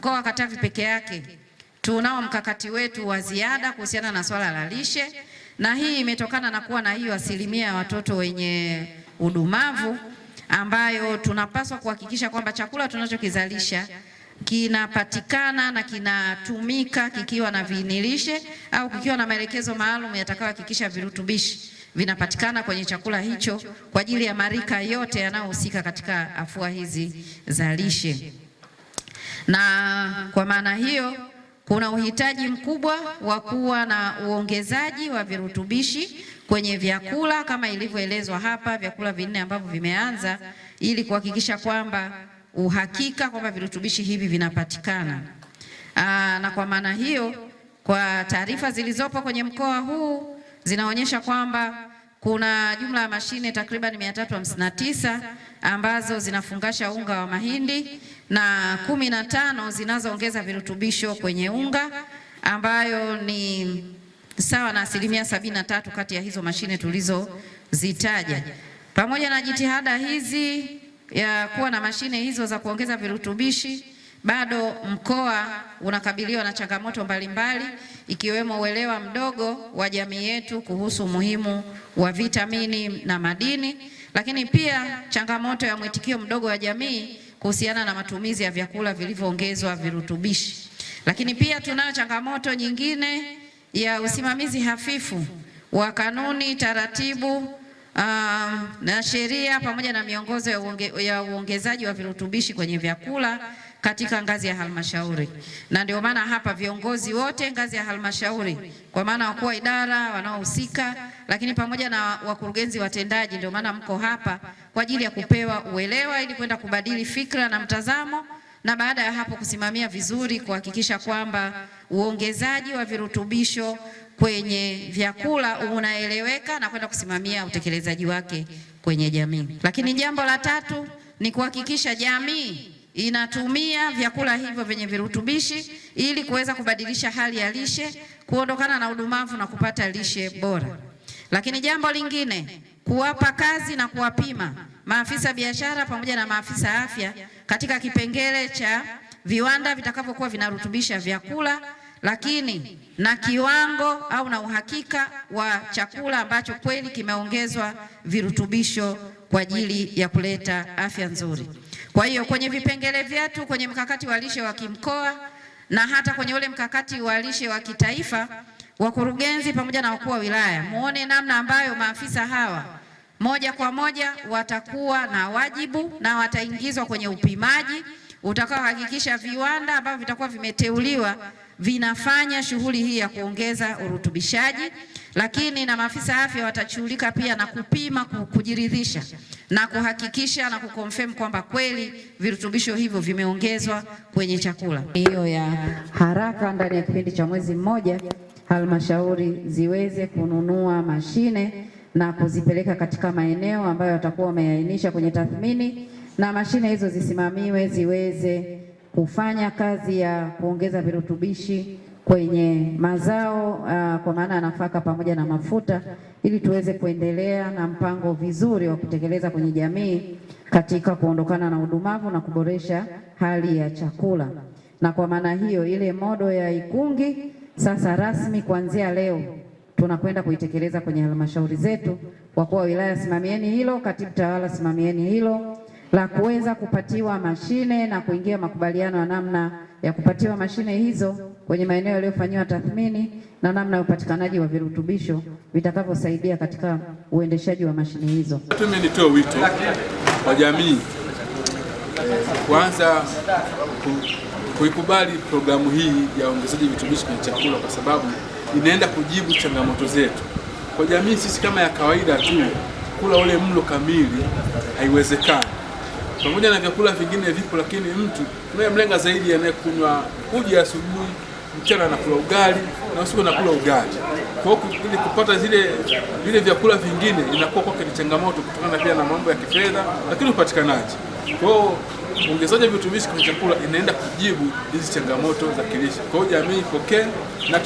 Mkoa wa Katavi peke yake tunao mkakati wetu wa ziada kuhusiana na swala la lishe, na hii imetokana na kuwa na hiyo asilimia ya watoto wenye udumavu ambayo tunapaswa kuhakikisha kwamba chakula tunachokizalisha kinapatikana na kinatumika kikiwa na viinilishe au kikiwa na maelekezo maalum yatakayohakikisha virutubishi vinapatikana kwenye chakula hicho kwa ajili ya marika yote yanayohusika katika afua hizi za lishe na kwa maana hiyo kuna uhitaji mkubwa wa kuwa na uongezaji wa virutubishi kwenye vyakula kama ilivyoelezwa hapa, vyakula vinne ambavyo vimeanza, ili kuhakikisha kwamba uhakika kwamba virutubishi hivi vinapatikana. Aa, ah, na kwa maana hiyo, kwa taarifa zilizopo kwenye mkoa huu zinaonyesha kwamba kuna jumla ya mashine takriban 359 ambazo zinafungasha unga wa mahindi na kumi na tano zinazoongeza virutubisho kwenye unga ambayo ni sawa na asilimia sabini na tatu kati ya hizo mashine tulizozitaja. Pamoja na jitihada hizi ya kuwa na mashine hizo za kuongeza virutubishi bado mkoa unakabiliwa na changamoto mbalimbali ikiwemo uelewa mdogo wa jamii yetu kuhusu umuhimu wa vitamini na madini, lakini pia changamoto ya mwitikio mdogo wa jamii kuhusiana na matumizi ya vyakula vilivyoongezwa virutubishi. Lakini pia tunayo changamoto nyingine ya usimamizi hafifu wa kanuni, taratibu Uh, na sheria pamoja na miongozo ya uongezaji wa virutubishi kwenye vyakula katika ngazi ya halmashauri, na ndio maana hapa viongozi wote ngazi ya halmashauri, kwa maana wakuu wa idara wanaohusika, lakini pamoja na wakurugenzi watendaji, ndio maana mko hapa kwa ajili ya kupewa uelewa ili kwenda kubadili fikra na mtazamo, na baada ya hapo kusimamia vizuri kuhakikisha kwamba uongezaji wa virutubisho kwenye vyakula unaeleweka na kwenda kusimamia utekelezaji wake kwenye jamii. Lakini jambo la tatu ni kuhakikisha jamii inatumia vyakula hivyo vyenye virutubishi ili kuweza kubadilisha hali ya lishe, kuondokana na udumavu na kupata lishe bora. Lakini jambo lingine, kuwapa kazi na kuwapima maafisa biashara pamoja na maafisa afya katika kipengele cha viwanda vitakavyokuwa vinarutubisha vyakula, lakini na kiwango au na uhakika wa chakula ambacho kweli kimeongezwa virutubisho kwa ajili ya kuleta afya nzuri. Kwa hiyo kwenye vipengele vyetu kwenye mkakati wa lishe wa kimkoa na hata kwenye ule mkakati wa lishe wa kitaifa, wakurugenzi pamoja na wakuu wa wilaya muone namna ambayo maafisa hawa moja kwa moja watakuwa na wajibu na wataingizwa kwenye upimaji utakaohakikisha viwanda ambavyo vitakuwa vimeteuliwa vinafanya shughuli hii ya kuongeza urutubishaji, lakini na maafisa afya watachulika pia na kupima kujiridhisha na kuhakikisha na kukonfirm kwamba kweli virutubisho hivyo vimeongezwa kwenye chakula. Hiyo ya haraka ndani ya kipindi cha mwezi mmoja, halmashauri ziweze kununua mashine na kuzipeleka katika maeneo ambayo watakuwa wameainisha kwenye tathmini, na mashine hizo zisimamiwe ziweze kufanya kazi ya kuongeza virutubishi kwenye mazao uh, kwa maana ya nafaka pamoja na mafuta, ili tuweze kuendelea na mpango vizuri wa kutekeleza kwenye jamii katika kuondokana na udumavu na kuboresha hali ya chakula. Na kwa maana hiyo ile modo ya Ikungi sasa rasmi kuanzia leo tunakwenda kuitekeleza kwenye halmashauri zetu. Wakuu wa wilaya simamieni hilo, katibu tawala simamieni hilo, la kuweza kupatiwa mashine na kuingia makubaliano ya namna ya kupatiwa mashine hizo kwenye maeneo yaliyofanyiwa tathmini na namna ya upatikanaji wa virutubisho vitakavyosaidia katika uendeshaji wa mashine hizo. Mimi nitoe wito kwa jamii kwanza kuikubali programu hii ya uongezaji virutubishi kwenye chakula kwa sababu inaenda kujibu changamoto zetu. Kwa jamii sisi kama ya kawaida tu kula ule mlo kamili haiwezekani pamoja na vyakula vingine vipo, lakini mtu unayemlenga zaidi anayekunywa uji asubuhi, mchana anakula ugali na usiku anakula ugali. Kwa hiyo ili kupata zile vile vyakula vingine inakuwa kwake ni changamoto, kutokana pia na mambo ya kifedha, lakini upatikanaji. Kwa hiyo uongezaji wa virutubishi kwenye chakula inaenda kujibu hizi changamoto za kilishe. Kwa hiyo jamii ipokee, na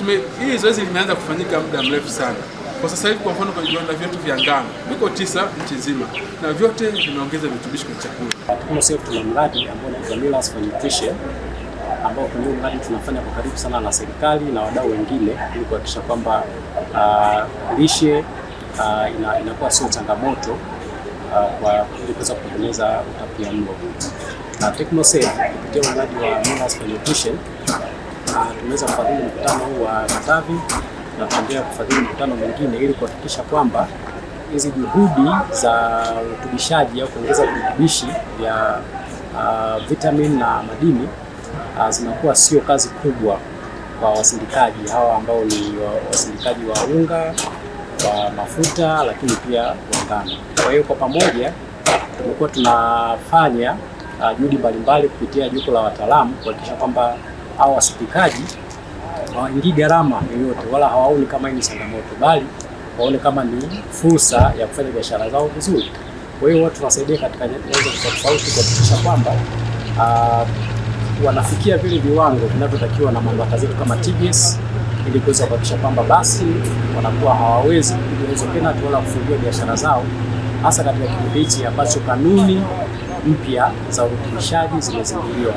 hii zoezi limeanza kufanyika muda mrefu sana. Kwa sasa hivi, kwa mfano, kwa viwanda vyetu vya ngano viko tisa nchi nzima, na vyote vimeongeza virutubishi kwenye chakula. Kama sio, tuna mradi ambao ni Millers for Nutrition, ambao kwenye mradi tunafanya kwa karibu sana na serikali na wadau wengine ili kuhakikisha kwamba uh, lishe uh, ina, inakuwa sio changamoto uh, kwa kuweza kutengeneza utapiamlo. Na TechnoSave kupitia mradi wa Millers for Nutrition tumeweza uh, kufadhili mkutano huu wa Katavi na kuendelea kufadhili mikutano mingine ili kuhakikisha kwamba hizi juhudi za urutubishaji au kuongeza virutubishi vya uh, vitamin na madini uh, zinakuwa sio kazi kubwa kwa wasindikaji hawa ambao ni wasindikaji wa unga wa mafuta, lakini pia wa ngano. Kwa hiyo kwa pamoja tumekuwa tunafanya uh, juhudi mbalimbali kupitia jopo la wataalamu kuhakikisha kwamba hawa wasindikaji hawaingii gharama yoyote, wala hawaoni kama hii ni changamoto, bali waone kama ni fursa ya kufanya biashara zao vizuri. Kwa hiyo watu wasaidia katika nyanja tofauti kuhakikisha kwamba ah, wanafikia vile viwango vinavyotakiwa na mamlaka zetu kama TBS ili kuweza kuhakikisha kwamba basi wanakuwa hawawezi kupiga hizo penalti wala kufungia biashara zao, hasa katika kipindi hichi ambacho kanuni mpya za urutubishaji zimezinduliwa.